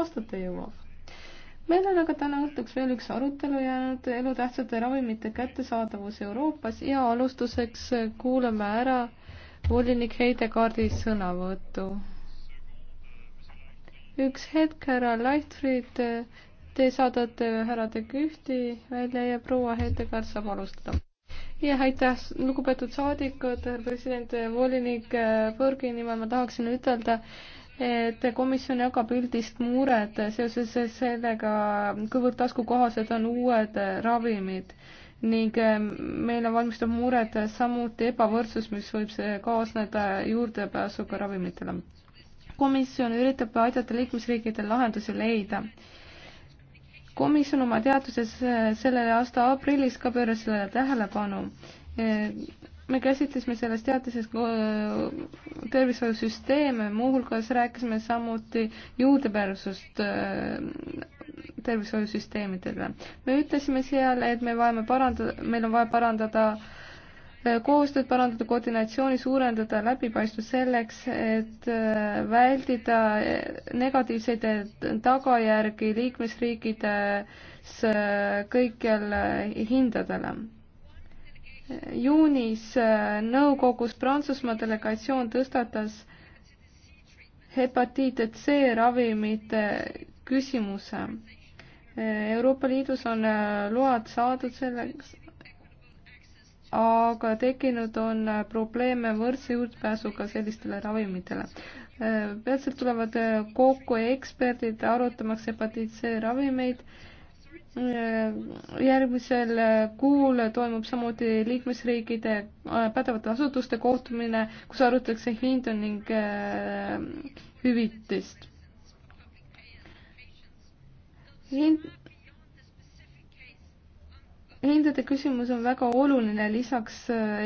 aastate jõuab. meil on aga täna õhtuks veel üks arutelu jäänud elutähtsate ravimite kättesaadavus Euroopas ja alustuseks kuulame ära volinik Heidekaardi sõnavõttu. üks hetk, härra Leichtfried, te saadate härra De Kühti välja ja proua Heidekaard saab alustada. ja aitäh, lugupeetud saadikud, president, volinik Võrgi nimel ma tahaksin ütelda, et komisjon jagab üldist muret seoses sellega, kuivõrd taskukohased on uued ravimid ning ähm, meile valmistab muret samuti ebavõrdsus, mis võib kaasneda juurdepääsuga ravimitele. komisjon üritab aidata liikmesriikidel lahendusi leida. komisjon oma teaduses äh, selle aasta aprillis ka pööras sellele tähelepanu äh, me käsitlesime selles teatises tervishoiusüsteeme, muuhulgas rääkisime samuti juurdepääsust äh, tervishoiusüsteemidele. me ütlesime seal, et me vajame parandada, meil on vaja parandada äh, koostööd, parandada koordinatsiooni, suurendada läbipaistvust selleks, et äh, väldida negatiivseid tagajärgi liikmesriikides kõikjal hindadele juunis äh, nõukogus Prantsusmaa delegatsioon tõstatas hepatiite C ravimite küsimuse. Äh, Euroopa Liidus on äh, load saadud selleks, aga tekkinud on probleeme võrdse juurdepääsuga sellistele ravimitele. peatselt tulevad kokku eksperdid arutamaks hepatiit C ravimeid Äh, järgmisel kuul toimub samuti liikmesriikide äh, pädevate asutuste kohtumine, kus arutatakse hindu ning äh, hüvitist. hind, hindade küsimus on väga oluline lisaks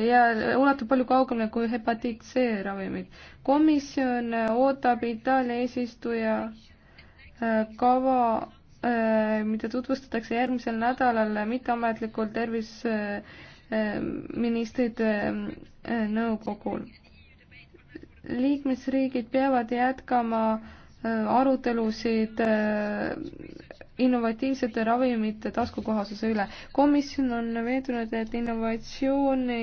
ja ulatub palju kaugemale kui hepatiit C ravimid. komisjon ootab Itaalia eesistuja kava Äh, mida tutvustatakse järgmisel nädalal mitteametlikul terviseministrite äh, äh, nõukogul. liikmesriigid peavad jätkama arutelusid innovatiivsete ravimite taskukohasuse üle. komisjon on veendunud, et innovatsiooni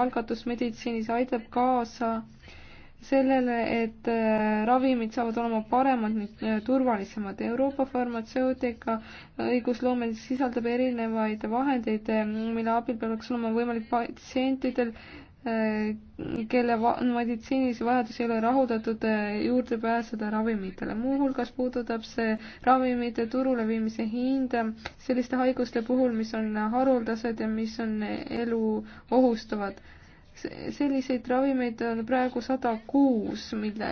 algatus meditsiinis aitab kaasa äh, sellele, et äh, ravimid saavad olema paremad ning äh, turvalisemad. Euroopa farmatseutika õigusloome sisaldab erinevaid vahendeid, äh, mille abil peaks olema võimalik patsientidel, kelle meditsiinilisi vajadusi ei ole rahuldatud, juurde pääseda ravimitele. muuhulgas puudutab see ravimite turule viimise hinda selliste haiguste puhul, mis on haruldased ja mis on elu ohustavad selliseid ravimeid on praegu sada kuus, mille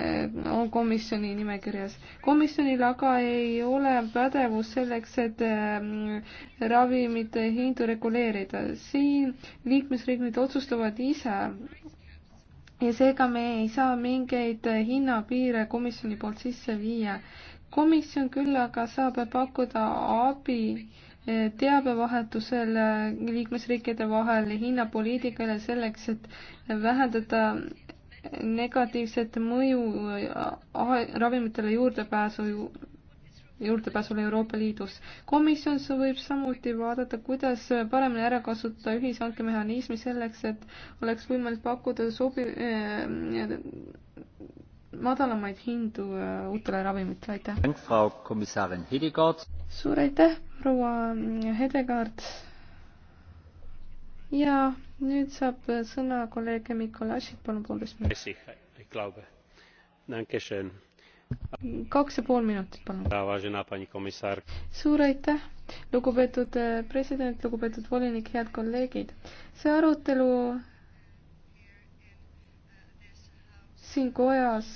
on komisjoni nimekirjas. komisjonil aga ei ole pädevust selleks, et ähm, ravimite hindu reguleerida. siin liikmesriigid otsustavad ise ja seega me ei saa mingeid hinnapiire komisjoni poolt sisse viia. komisjon küll aga saab pakkuda abi teabevahetusel liikmesriikide vahel hinnapoliitikale selleks, et vähendada negatiivset mõju ravimitele juurdepääsu, juurdepääsule Euroopa Liidus. komisjon võib samuti vaadata, kuidas paremini ära kasutada ühishankemehhanismi selleks, et oleks võimalik pakkuda sobi-, eh, madalamaid hindu äh, uutele ravimitele, aitäh! suur aitäh, proua äh, Hedegaard! ja nüüd saab äh, sõna kolleeg Mikolašik, palun poolteist minutit eh, kaks ja pool minutit, palun. suur aitäh, lugupeetud president, lugupeetud volinik, head kolleegid. see arutelu siin kojas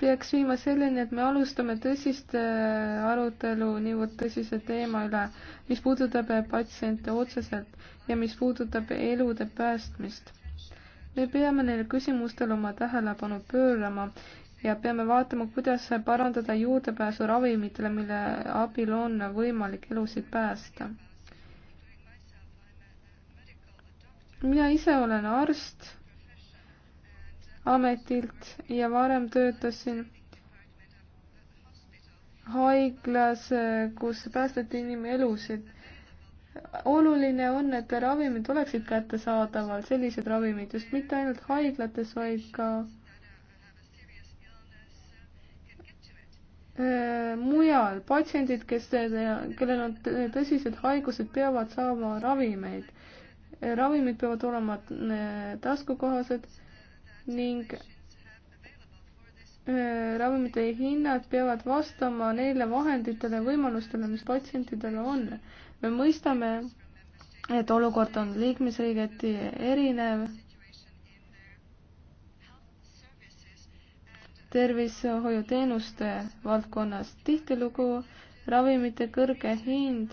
peaks viima selleni, et me alustame tõsist äh, arutelu niivõrd tõsise teema üle, mis puudutab äh, patsiente otseselt ja mis puudutab elude päästmist. me peame neile küsimustele oma tähelepanu pöörama ja peame vaatama, kuidas parandada juurdepääsu ravimitele, mille abil on võimalik elusid päästa mina ise olen arst ametilt ja varem töötasin haiglas, kus päästeti inimelusid. oluline on, et ravimid oleksid kättesaadaval, sellised ravimid just mitte ainult haiglates, vaid ka äh, mujal patsiendid, kes, kellel on tõsised haigused, peavad saama ravimeid ravimid peavad olema äh, taskukohased ning äh, ravimite hinnad peavad vastama neile vahenditele ja võimalustele, mis patsientidel on. me mõistame, et olukord on liikmesriigiti erinev. tervishoiuteenuste valdkonnas tihtilugu ravimite kõrge hind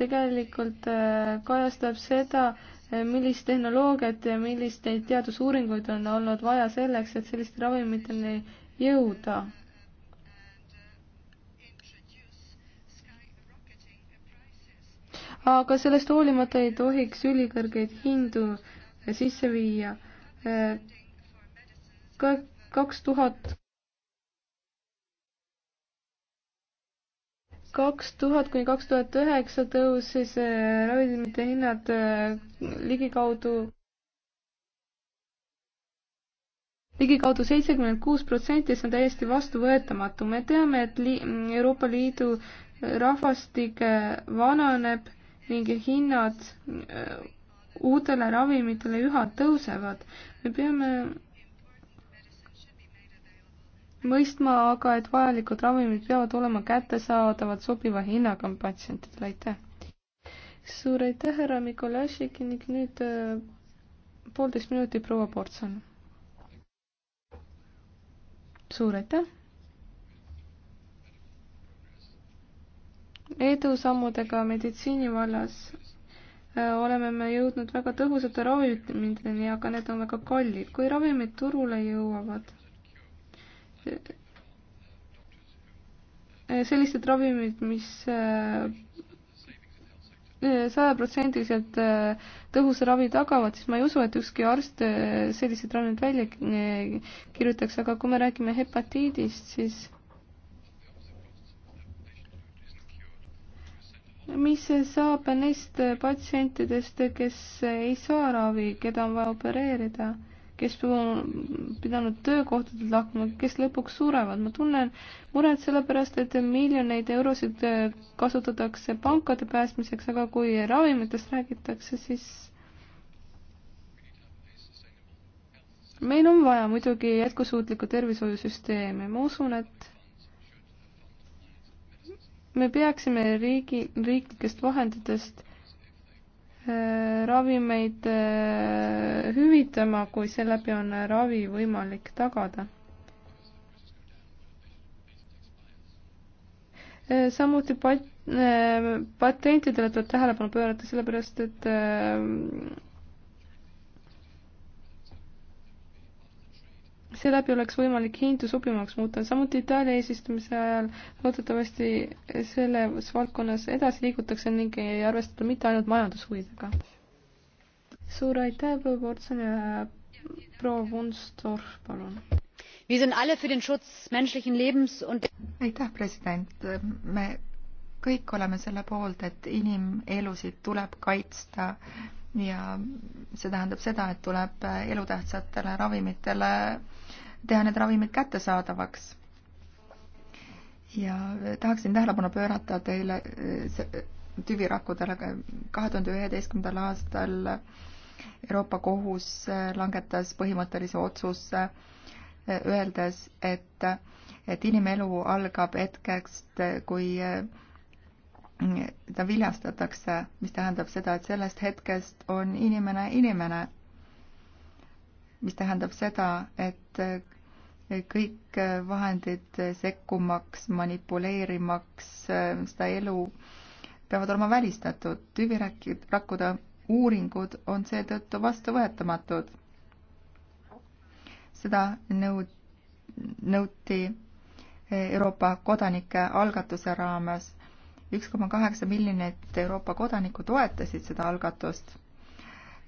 tegelikult äh, kajastab seda, äh, millist tehnoloogiat ja millisteid teadusuuringuid on olnud vaja selleks, et selliste ravimiteni jõuda. aga sellest hoolimata ei tohiks ülikõrgeid hindu äh, sisse viia. kaks tuhat kaks tuhat kuni kaks tuhat üheksa tõusis äh, ravimite hinnad äh, ligikaudu ligikaudu seitsekümmend kuus protsenti, see on täiesti vastuvõetamatu. me teame, et li Euroopa Liidu rahvastik äh, vananeb ning hinnad uutele ravimitele üha tõusevad. me peame mõistma aga, et vajalikud ravimid peavad olema kättesaadavad sobiva hinnaga patsientidele, aitäh! suur aitäh, härra Mikolašik ning nüüd äh, poolteist minutit proua Portson. suur aitäh! edusammudega meditsiini vallas äh, oleme me jõudnud väga tõhusate ravimiteni, aga need on väga kallid. kui ravimid turule jõuavad sellised ravimid mis, mis äh, sajaprotsendiliselt äh, tõhusa ravi tagavad, siis ma ei usu, et ükski arst äh, selliseid ravimeid välja kirjutaks, aga kui me räägime hepatiidist, siis mis saab neist patsientidest, kes ei saa ravi, keda on vaja opereerida? kes pidanud töökohtadelt lahkuma, kes lõpuks surevad. ma tunnen muret sellepärast, et miljoneid eurosid kasutatakse pankade päästmiseks, aga kui ravimitest räägitakse, siis meil on vaja muidugi jätkusuutlikku tervishoiusüsteemi, ma usun, et me peaksime riigi, riiklikest vahenditest Äh, ravimeid äh, hüvitama, kui seeläbi on ravi võimalik tagada. Äh, samuti pat-, patentidele tuleb tähelepanu pöörata, sellepärast et seeläbi oleks võimalik hindu sobivamaks muuta. samuti Itaalia eesistumise ajal loodetavasti selles valdkonnas edasi liigutakse ning ei arvestata mitte ainult majandushuvidega. suur aitäh, proua Portson ja proua Vunstorf, palun. aitäh, president. me kõik oleme selle poolt, et inimelusid tuleb kaitsta ja see tähendab seda, et tuleb elutähtsatele ravimitele teha need ravimid kättesaadavaks. ja tahaksin tähelepanu pöörata teile eh, tüvirakkudele. kahe tuhande üheteistkümnendal aastal Euroopa Kohus eh, langetas põhimõttelise otsuse, eh, öeldes, et, et inimelu algab hetkest, kui ta viljastatakse, mis tähendab seda, et sellest hetkest on inimene inimene mis tähendab seda, et eh, kõik eh, vahendid sekkumaks, manipuleerimaks eh, seda elu peavad olema välistatud. tüvirakkude uuringud on seetõttu vastuvõetamatud. seda nõud-, nõuti Euroopa kodanike algatuse raames. üks koma kaheksa miljonit Euroopa kodanikku toetasid seda algatust.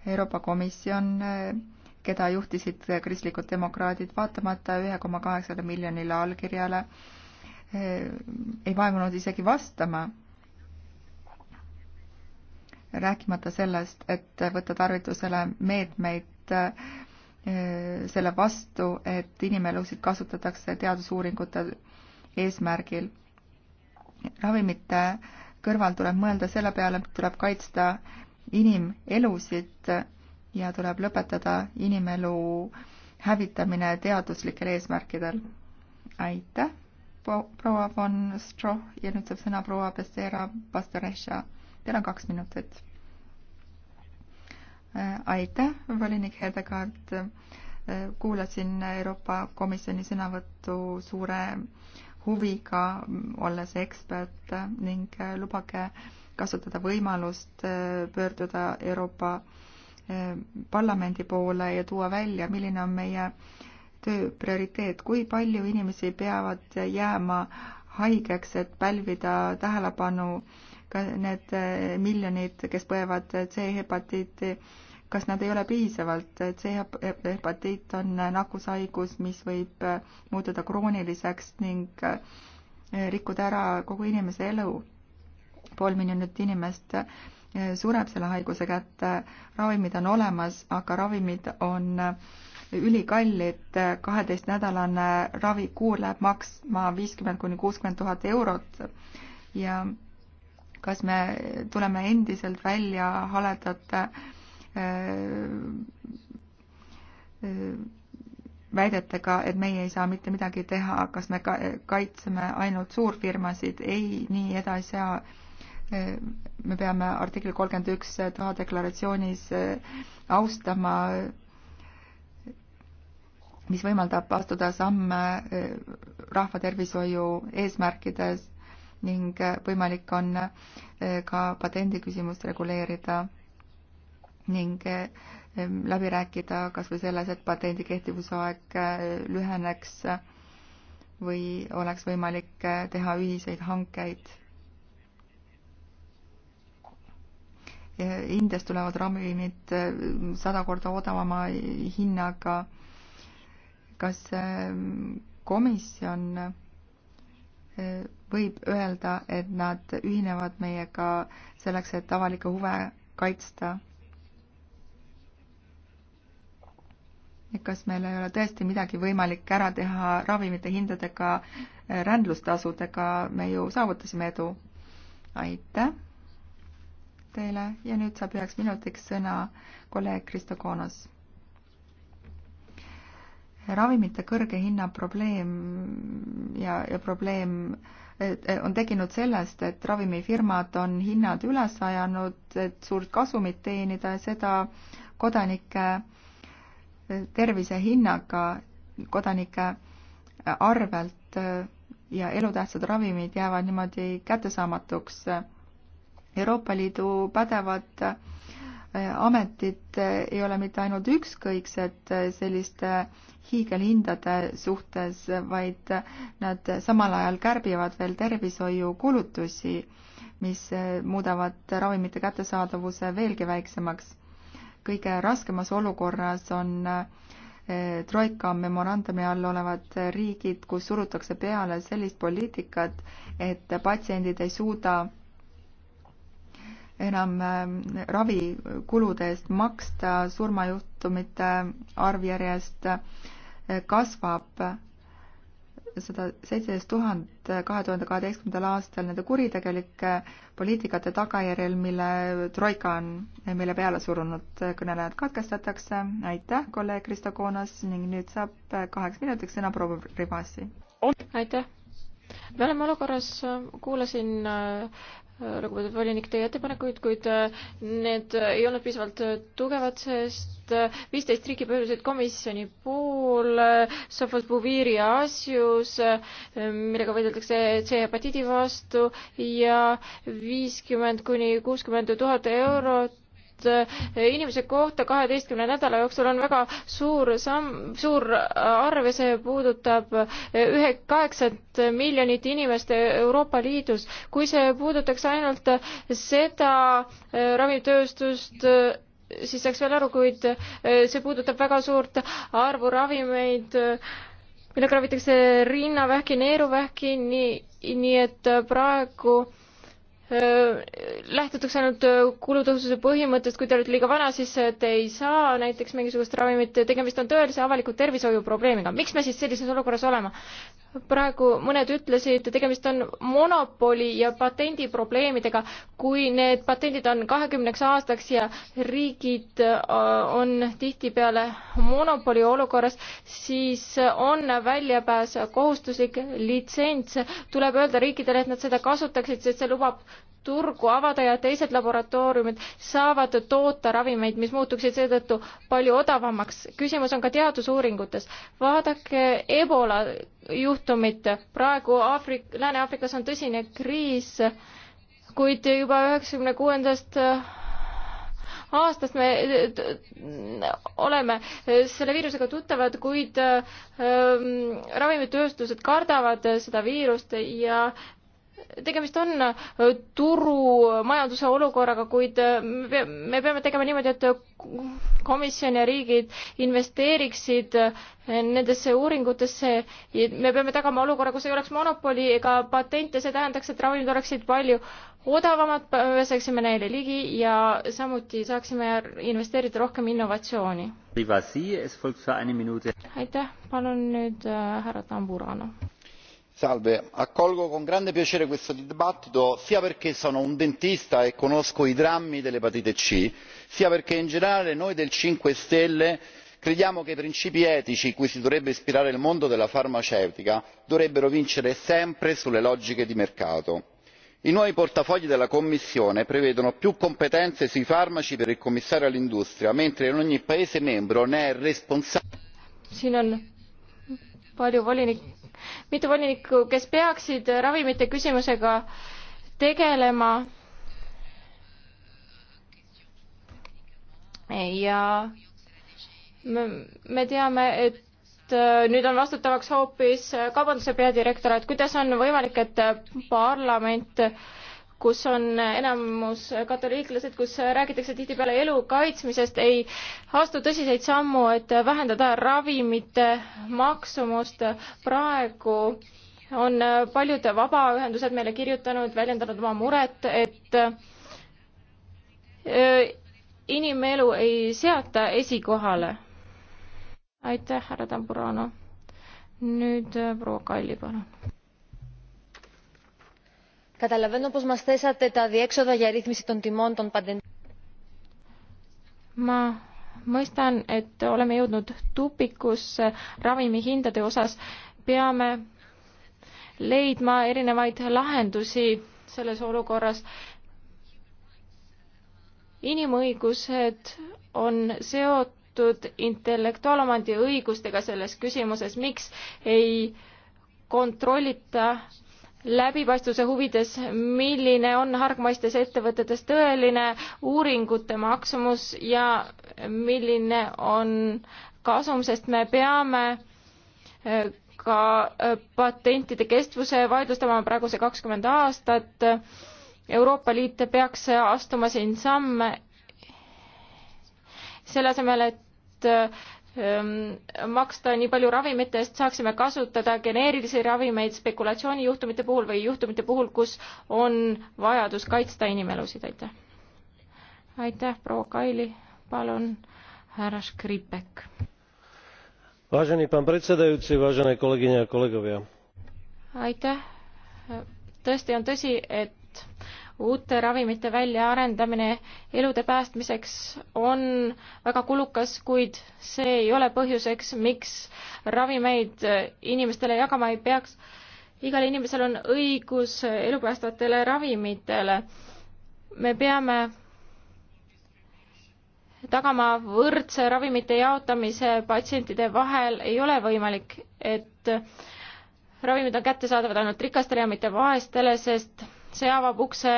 Euroopa Komisjon keda juhtisid kristlikud demokraadid, vaatamata ühe koma kaheksale miljonile allkirjale, eh, ei vaevunud isegi vastama. rääkimata sellest, et võtta tarvitusele meetmeid eh, selle vastu, et inimelusid kasutatakse teadusuuringute eesmärgil. ravimite kõrval tuleb mõelda selle peale, et tuleb kaitsta inimelusid ja tuleb lõpetada inimelu hävitamine teaduslikel eesmärkidel. aitäh, proua von Stroh ja nüüd saab sõna proua Pestera Pastoresha. Teil on kaks minutit. aitäh, volinik Hedegaard. kuulasin Euroopa Komisjoni sõnavõttu suure huviga, olles ekspert ning lubage kasutada võimalust pöörduda Euroopa äh, Äh, parlamendi poole ja tuua välja, milline on meie töö prioriteet, kui palju inimesi peavad jääma haigeks, et pälvida tähelepanu ka need äh, miljonid, kes põevad C-hepatiiti, kas nad ei ole piisavalt, C-hepatiit on nakkushaigus, mis võib äh, muutuda krooniliseks ning rikkuda ära kogu inimese elu. pool miljonit inimest sureb selle haiguse kätte. ravimid on olemas, aga ravimid on ülikallid, kaheteistnädalane ravikuur läheb maksma viiskümmend kuni kuuskümmend tuhat eurot ja kas me tuleme endiselt välja haledate äh, äh, väidetega, et meie ei saa mitte midagi teha, kas me kaitseme ainult suurfirmasid, ei, nii edasi ei saa me peame artikli kolmkümmend üks eh, taha deklaratsioonis eh, austama, eh, mis võimaldab astuda samme rahvatervishoiu eesmärkides ning võimalik on ka patendiküsimust reguleerida ning läbi rääkida kas või selles, et patendi kehtivusaeg lüheneks või oleks võimalik teha ühiseid hankeid Indiast tulevad ravimid eh, sada korda odavama hinnaga. kas eh, komisjon eh, võib öelda, et nad ühinevad meiega selleks, et avalikke huve kaitsta? et kas meil ei ole tõesti midagi võimalik ära teha ravimite hindadega, rändlustasudega, me ju saavutasime edu. aitäh! teile ja nüüd saab üheks minutiks sõna kolleeg Kristo Koonas. ravimite kõrge hinna probleem ja, ja probleem on tekkinud sellest, et ravimifirmad on hinnad üles ajanud, et suurt kasumit teenida ja seda kodanike eh, tervise hinnaga, kodanike arvelt eh, ja elutähtsad ravimid jäävad niimoodi kättesaamatuks Euroopa Liidu pädevad äh, ametid äh, ei ole mitte ainult ükskõiksed äh, selliste hiigelhindade suhtes, vaid nad samal ajal kärbivad veel tervishoiukulutusi, mis muudavad ravimite kättesaadavuse veelgi väiksemaks. kõige raskemas olukorras on troika memorandumi all olevad riigid, kus surutakse peale sellist poliitikat, et patsiendid ei suuda enam ähm, ravikulude eest maksta, surmajuhtumite arv järjest äh, kasvab sada seitseteist tuhat äh, kahe tuhande kaheteistkümnendal aastal nende kuritegelike äh, poliitikate tagajärjel, mille Troika on meile peale surunud. kõnelejad katkestatakse, aitäh, kolleeg Kristo Koonas ning nüüd saab kaheks minutiks sõna proua Rivasi. aitäh me oleme olukorras, kuulasin lugupeetud volinik, teie ettepanekuid, kuid äh, need äh, ei olnud piisavalt äh, tugevad, sest viisteist riiki pöördusid komisjoni poole Sofos Buviri asjus, millega võideldakse C-hepatiidi vastu ja viiskümmend kuni kuuskümmend tuhat eurot eurot eh, inimese kohta kaheteistkümne nädala jooksul on väga suur samm, suur arv ja see puudutab eh, ühe, kaheksat miljonit inimest Euroopa Liidus. kui see puudutaks ainult seda eh, ravimitööstust, siis saaks veel aru, kuid see puudutab väga suurt arvu ravimeid, millega ravitakse rinnavähki, neeruvähki, nii, nii et praegu äh, lähtutakse ainult kulutõhususe põhimõttest, kui te olete liiga vana, siis te ei saa näiteks mingisugust ravimit, tegemist on tõelise avaliku tervishoiu probleemiga. miks me siis sellises olukorras oleme? praegu mõned ütlesid, tegemist on monopoli ja patendi probleemidega, kui need patendid on kahekümneks aastaks ja riigid äh, on tihtipeale monopoli olukorras, siis on väljapääs kohustuslik litsents. tuleb öelda riikidele, et nad seda kasutaksid, sest see lubab turgu avada ja teised laboratooriumid saavad toota ravimeid, mis muutuksid seetõttu palju odavamaks. küsimus on ka teadusuuringutes. vaadake Ebola juhtumit, praegu Aafrik-, Lääne-Aafrikas on tõsine kriis, kuid juba üheksakümne kuuendast aastast me oleme selle viirusega tuttavad, kuid ähm, ravimitööstused kardavad seda viirust ja tegemist on äh, turumajanduse äh, olukorraga, kuid äh, me peame tegema niimoodi, et komisjon ja riigid investeeriksid nendesse uuringutesse. me peame tagama olukorra, kus ei oleks monopoli ega patente, see tähendaks, et ravimid oleksid palju odavamad, pääseksime neile ligi ja samuti saaksime investeerida rohkem innovatsiooni. aitäh, palun nüüd härra Tamburano signor presidente onorevoli colleghi accolgo con grande piacere questo dibattito sia perché sono un dentista e conosco i drammi dell'epatite c sia perché in generale noi del cinque stelle crediamo che i principi etici cui si dovrebbe ispirare il mondo della farmaceutica dovrebbero vincere sempre sulle logiche di mercato. i nuovi portafogli della commissione prevedono più competenze sui farmaci per il commissario all'industria mentre in ogni paese membro ne è responsabile mitu volinikku, kes peaksid ravimite küsimusega tegelema. ja me, me teame, et äh, nüüd on vastutavaks hoopis äh, kaubanduse peadirektor, et kuidas on võimalik, et äh, parlament äh, kus on enamus katoliiklased, kus räägitakse tihtipeale elu kaitsmisest, ei astu tõsiseid sammu, et vähendada ravimite maksumust. praegu on paljud vabaühendused meile kirjutanud, väljendanud oma muret, et äh, inimelu ei seata esikohale. aitäh, härra Tamburano. nüüd äh, proua Kalli, palun Καταλαβαίνω πως μας θέσατε τα διέξοδα για ρύθμιση των τιμών των παντεντών. Ma mõistan, et oleme jõudnud tupikusse äh, ravimihindade osas. Peame leidma erinevaid lahendusi selles olukorras. Inimõigused on seotud intellektuaalomandi õigustega selles küsimuses. Miks ei kontrollita äh, läbipaistvuse huvides, milline on hargmaistes ettevõtetes tõeline uuringute maksumus ja milline on kasum, sest me peame eh, ka eh, patentide kestvuse vaidlustama praeguse kakskümmend aastat. Euroopa Liit peaks astuma siin samme selle asemel, et eh, Ehm, maksta nii palju ravimite eest, saaksime kasutada geneerilisi ravimeid spekulatsioonijuhtumite puhul või juhtumite puhul, kus on vajadus kaitsta inimelusid, aitäh. aitäh, proua Kaili, palun, härra Škripek. Vážený pán predsedajúci, vážené kolegyne a kolegovia. Aitäh. Tõesti on tõsi, et uute ravimite väljaarendamine elude päästmiseks on väga kulukas, kuid see ei ole põhjuseks, miks ravimeid inimestele jagama ei peaks. igal inimesel on õigus elupäästvatele ravimitele. me peame tagama võrdse ravimite jaotamise patsientide vahel, ei ole võimalik, et ravimid on kättesaadavad ainult rikastele ja mitte vaestele, sest see avab ukse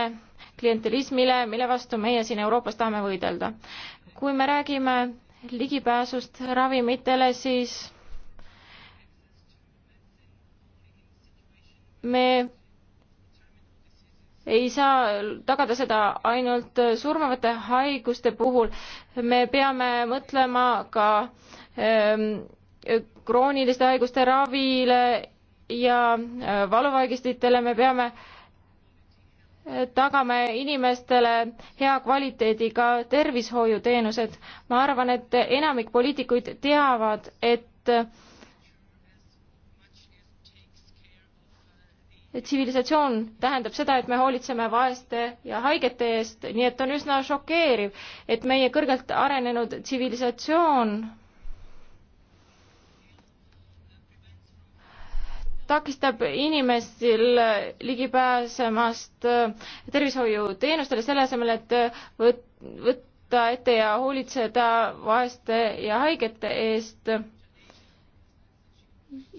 klientelismile, mille vastu meie siin Euroopas tahame võidelda. kui me räägime ligipääsust ravimitele, siis me ei saa tagada seda ainult surmavate haiguste puhul, me peame mõtlema ka ähm, krooniliste haiguste ravile ja äh, valuvaigistitele, me peame äh, tagame inimestele hea kvaliteediga tervishoiuteenused. ma arvan, et enamik poliitikuid teavad, et tsivilisatsioon tähendab seda, et me hoolitseme vaeste ja haigete eest, nii et on üsna šokeeriv, et meie kõrgelt arenenud tsivilisatsioon takistab inimestel ligi pääsemast äh, tervishoiuteenustele, selle asemel, et äh, võt-, võtta ette ja hoolitseda vaeste ja haigete eest.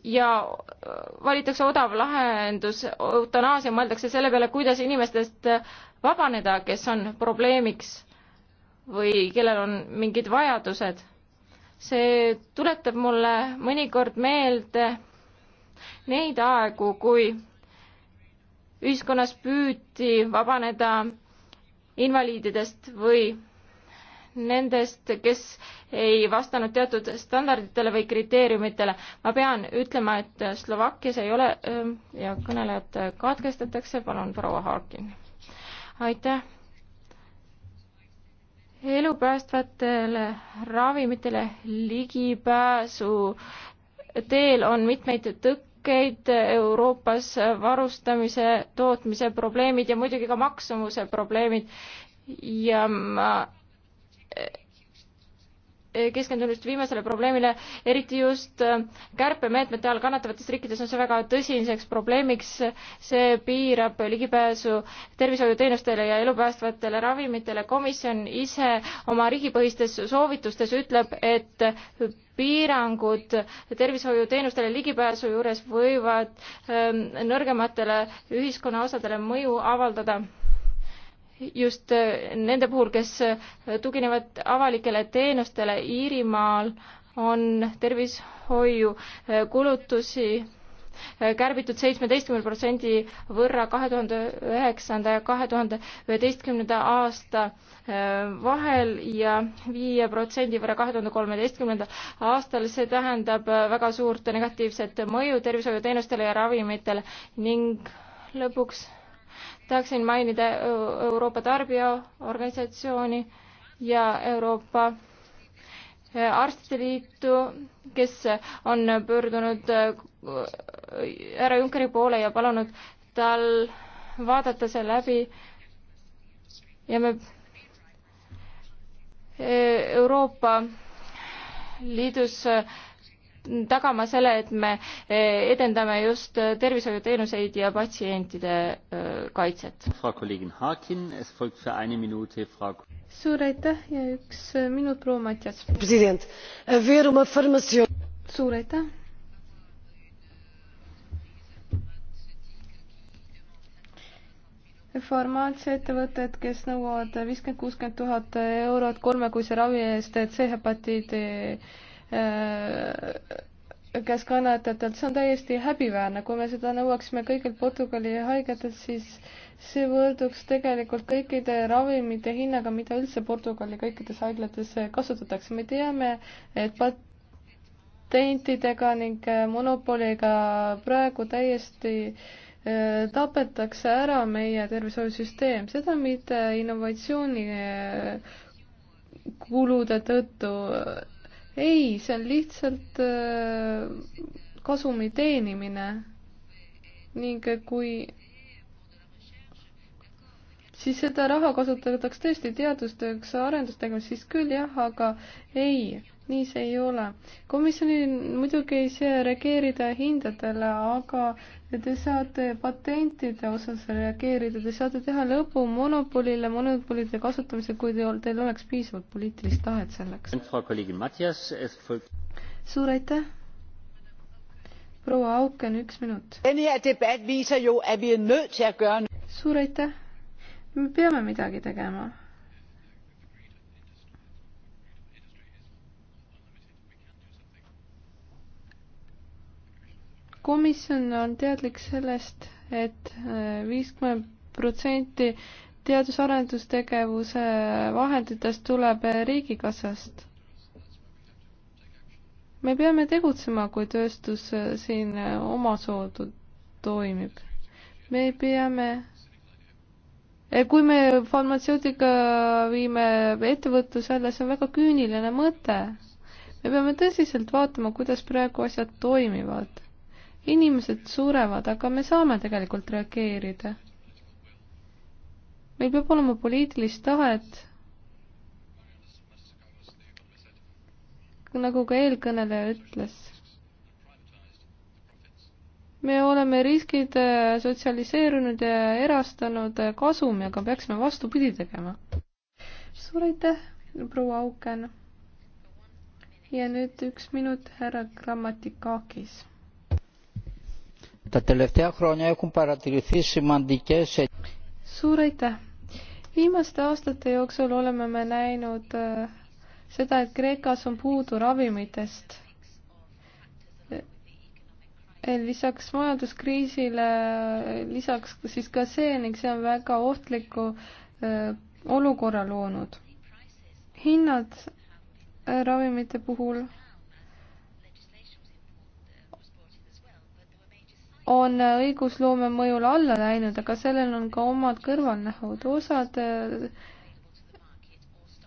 ja äh, valitakse odav lahendus, eutanaasia, mõeldakse selle peale, kuidas inimestest vabaneda, kes on probleemiks või kellel on mingid vajadused. see tuletab mulle mõnikord meelde neid aegu, kui ühiskonnas püüti vabaneda invaliididest või nendest, kes ei vastanud teatud standarditele või kriteeriumitele. ma pean ütlema, et Slovakkias ei ole ähm, ja kõnelejad katkestatakse, palun proua Haakin. aitäh. elupäästvatele ravimitele ligipääsu teel on mitmeid tõkkeid Euroopas varustamise, tootmise probleemid ja muidugi ka maksumuse probleemid ja ma keskendunud just viimasele probleemile, eriti just äh, kärpemeetmete all kannatavates riikides on see väga tõsiseks probleemiks. see piirab ligipääsu tervishoiuteenustele ja elupäästvatele ravimitele. komisjon ise oma riigipõhistes soovitustes ütleb, et piirangud tervishoiuteenustele ligipääsu juures võivad ähm, nõrgematele ühiskonnaosadele mõju avaldada just äh, nende puhul, kes äh, tuginevad avalikele teenustele Iirimaal, on tervishoiukulutusi äh, kärbitud seitsmeteistkümne protsendi võrra kahe tuhande üheksanda ja kahe tuhande üheteistkümnenda aasta vahel ja viie protsendi võrra kahe tuhande kolmeteistkümnendal aastal. see tähendab väga suurt negatiivset mõju tervishoiuteenustele ja ravimitele ning lõpuks tahaksin mainida Euroopa Tarbijaorganisatsiooni ja Euroopa äh, Arstide Liitu, kes on pöördunud äh, härra Junckeri poole ja palunud tal vaadata see läbi ja me äh, Euroopa Liidus tagama selle, et me eh, edendame just eh, tervishoiuteenuseid ja patsientide eh, kaitset. suur aitäh ja üks minut, proua Matjas. suur aitäh. farmaatsiaettevõtted, kes nõuavad viiskümmend, kuuskümmend tuhat eurot kolmekuise ravi eest C-hepatiidi Äh, kes kannatajatelt, see on täiesti häbiväärne, kui me seda nõuaksime kõigilt Portugali haigetelt, siis see võõrduks tegelikult kõikide ravimite hinnaga, mida üldse Portugali kõikides haiglates kasutatakse. me teame, et patentidega ning äh, monopoliga praegu täiesti äh, tapetakse ära meie tervishoiusüsteem, seda mitte innovatsiooni kulude tõttu ei, see on lihtsalt äh, kasumi teenimine ning kui siis seda raha kasutatakse tõesti teadustööks, arendustegevus, siis küll jah, aga ei, nii see ei ole. komisjonil muidugi ei saa reageerida hindadele, aga te saate patentide osas reageerida, te saate teha lõpu monopolile, monopolide kasutamisel, kui teil, teil oleks piisavalt poliitilist tahet selleks. suur aitäh! proua Auken, üks minut. Er suur aitäh! me peame midagi tegema. komisjon on teadlik sellest et, et äh, viiskümmend protsenti teadus-arendustegevuse vahenditest tuleb äh, riigikassast. me peame tegutsema, kui tööstus äh, siin omasoodu toimib. me peame Eh, kui me farmatseutika viime ettevõtluse alla, see on väga küüniline mõte. me peame tõsiselt vaatama, kuidas praegu asjad toimivad. inimesed surevad, aga me saame tegelikult reageerida. meil peab olema poliitilist tahet. nagu ka eelkõneleja ütles me oleme riskid äh, sotsialiseerunud ja erastanud äh, kasumi, aga peaksime vastupidi tegema. suur aitäh, proua Auken. ja nüüd üks minut, härra Grammatikakis. suur aitäh. viimaste aastate jooksul oleme me näinud äh, seda, et Kreekas on puudu ravimitest lisaks majanduskriisile, lisaks siis ka see ning see on väga ohtliku olukorra loonud. hinnad ravimite puhul on õigusloome mõjul alla läinud, aga sellel on ka omad kõrvalnähud. osad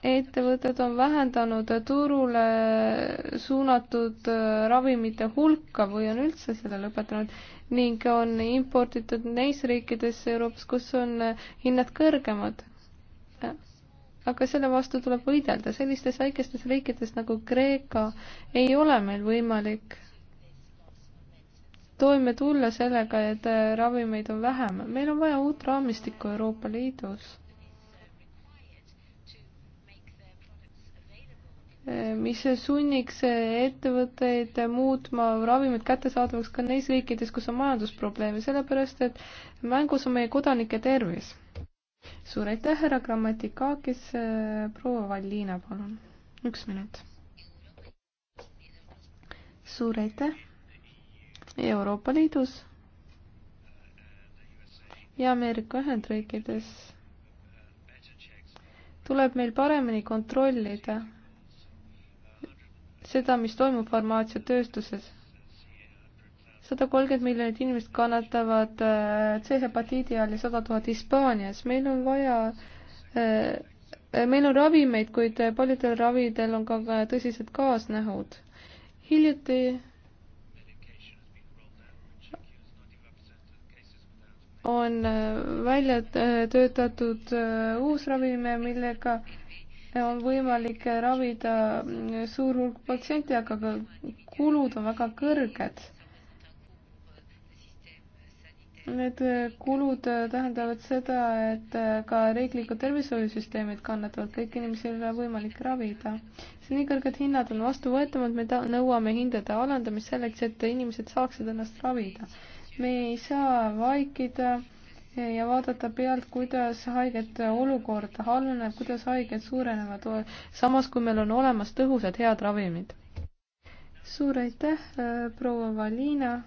ettevõtted on vähendanud turule suunatud äh, ravimite hulka või on üldse selle lõpetanud ning on imporditud neis riikides Euroopas, kus on äh, hinnad kõrgemad. Äh, aga selle vastu tuleb võidelda, sellistes väikestes riikides nagu Kreeka ei ole meil võimalik toime tulla sellega, et ravimeid on vähem. meil on vaja uut raamistikku Euroopa Liidus Eh, mis sunniks eh, ettevõtteid eh, muutma ravimid kättesaadavaks ka neis riikides, kus on majandusprobleeme, sellepärast et mängus on meie kodanike tervis. suur aitäh, härra Grammatikakis, proua Vallina, palun, üks minut. suur aitäh. Euroopa Liidus ja Ameerika Ühendriikides tuleb meil paremini kontrollida seda, mis toimub farmaatsiatööstuses. sada kolmkümmend miljonit inimest kannatavad äh, C-hepatiidi all ja sada tuhat Hispaanias. meil on vaja, äh, meil on ravimeid, kuid äh, paljudel ravidel on ka tõsised kaasnähud. hiljuti on välja töötatud uus ravim, millega äh, on võimalik ravida äh, suur hulk patsiente, aga ka kulud on väga kõrged. Need äh, kulud äh, tähendavad seda, et ka riiklikud tervishoiusüsteemid kannatavad, kõiki inimesi ei ole võimalik ravida. see nii kõrged hinnad on vastuvõetamad, me nõuame hindade alandamist selleks, et inimesed saaksid ennast ravida. me ei saa vaikida äh, ja vaadata pealt, kuidas haigete olukord halveneb, kuidas haiged suurenevad, samas kui meil on olemas tõhusad head ravimid. suur aitäh, proua Valina.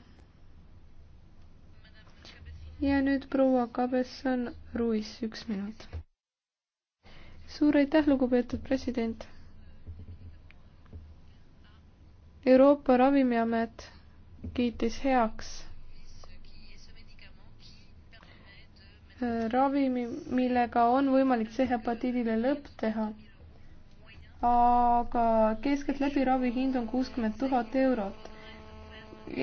ja nüüd proua Kabesson Ruiz, üks minut. suur aitäh, lugupeetud president. Euroopa Ravimiamet kiitis heaks ravimi, millega on võimalik C-hepatiidile lõpp teha. aga keskeltläbi ravihind on kuuskümmend tuhat eurot.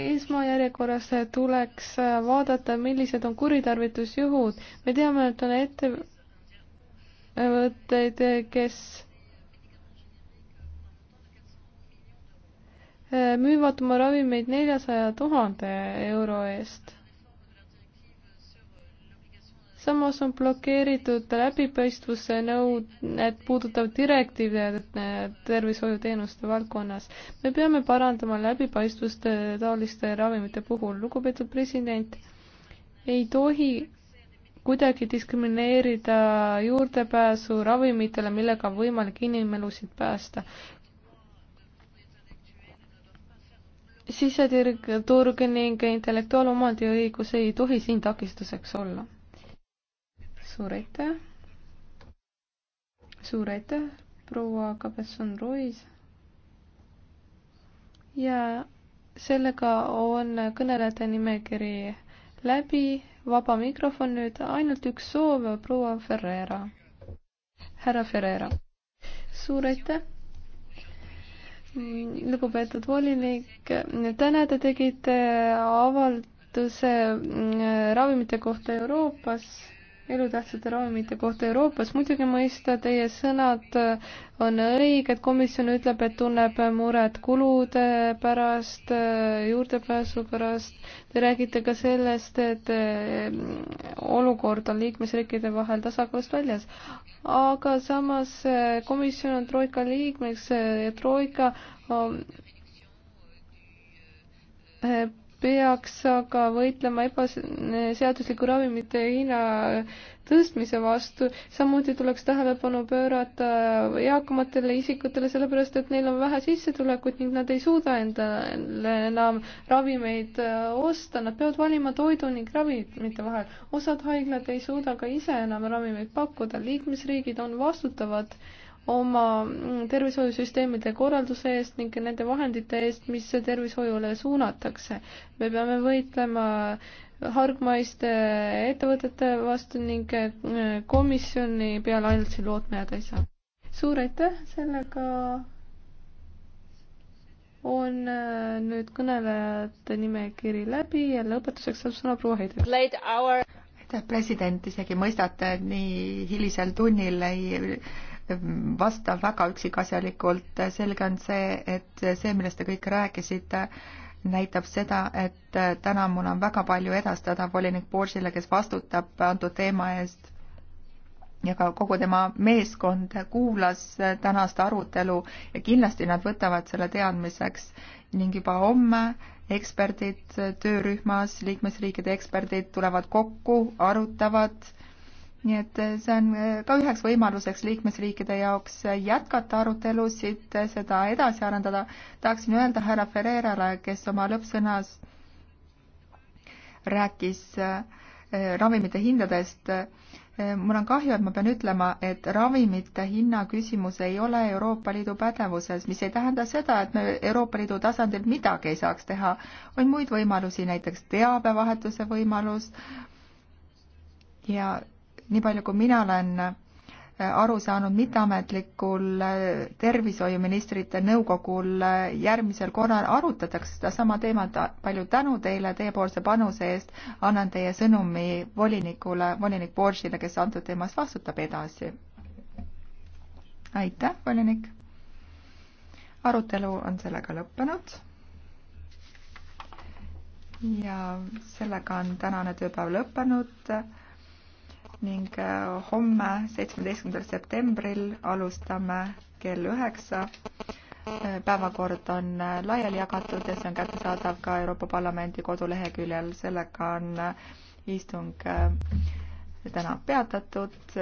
esmajärjekorras tuleks vaadata, millised on kuritarvitusjuhud. me teame, et on ettevõtteid, kes müüvad oma ravimeid neljasaja tuhande euro eest samas on blokeeritud läbipaistvuse nõuded puudutav direktiiv tervishoiuteenuste valdkonnas. me peame parandama läbipaistvust taoliste ravimite puhul. lugupeetud president, ei tohi kuidagi diskrimineerida juurdepääsu ravimitele, millega on võimalik inimelusid päästa. siseturg ning intellektuaalomandi õigus ei tohi siin takistuseks olla suur aitäh. suur aitäh, proua Kabesson-Ruiz. ja sellega on kõnelejate nimekiri läbi, vaba mikrofon nüüd, ainult üks soov, proua Ferreira. härra Ferreira, suur aitäh. lugupeetud volinik, täna te tegite avalduse mm, ravimite kohta Euroopas elutähtsate ravimite kohta Euroopas. muidugi mõista, teie sõnad äh, on õiged, komisjon ütleb, et tunneb muret kulude pärast, äh, juurdepääsu pärast. Te räägite ka sellest, et äh, olukord on liikmesriikide vahel tasakaalust väljas. aga samas komisjon on Troika liikmeks ja Troika on peaks aga võitlema ebaseadusliku ravimite hinna tõstmise vastu, samuti tuleks tähelepanu pöörata eakamatele isikutele, sellepärast et neil on vähe sissetulekut ning nad ei suuda endale enam ravimeid äh, osta, nad peavad valima toidu ning ravimite vahel. osad haiglad ei suuda ka ise enam ravimeid pakkuda, liikmesriigid on vastutavad äh, oma tervishoiusüsteemide korralduse eest ning nende vahendite eest, mis tervishoiule suunatakse. me peame võitlema hargmaiste ettevõtete vastu ning äh, komisjoni peale ainult siin lootma jääda ei saa. suur aitäh, sellega on äh, nüüd kõnelejate nimekiri läbi ja lõpetuseks saab sõna proua Heider aitäh, president, isegi mõistate, et nii hilisel tunnil ei vastav väga üksikasjalikult. selge on see, et see, millest te kõik rääkisite, näitab seda, et täna mul on väga palju edastada volinik Borsile, kes vastutab antud teema eest ja ka kogu tema meeskond kuulas tänast arutelu ja kindlasti nad võtavad selle teadmiseks ning juba homme eksperdid töörühmas, liikmesriikide eksperdid tulevad kokku, arutavad nii et eh, see on eh, ka üheks võimaluseks liikmesriikide jaoks jätkata arutelusid, eh, seda edasi arendada. tahaksin öelda härra Ferreirale, kes oma lõppsõnas rääkis ravimite hindadest. mul on kahju, et ma pean ütlema, et ravimite hinna küsimus ei ole Euroopa Liidu pädevuses, mis ei tähenda seda, et me Euroopa Liidu tasandil midagi ei saaks teha. on muid võimalusi, näiteks teabevahetuse võimalus ja nii palju, kui mina olen äh, aru saanud mitteametlikul äh, tervishoiuministrite nõukogul äh, järgmisel korral arutatakse sedasama teemat. palju tänu teile teiepoolse panuse eest. annan teie sõnumi volinikule, volinik Borsile, kes antud teemast vastutab edasi. aitäh, volinik. arutelu on sellega lõppenud. ja sellega on tänane tööpäev lõppenud ning äh, homme, seitsmeteistkümnendal septembril alustame kell üheksa. Äh, päevakord on äh, laiali jagatud ja see on kättesaadav ka Euroopa Parlamendi koduleheküljel, sellega on istung täna peatatud.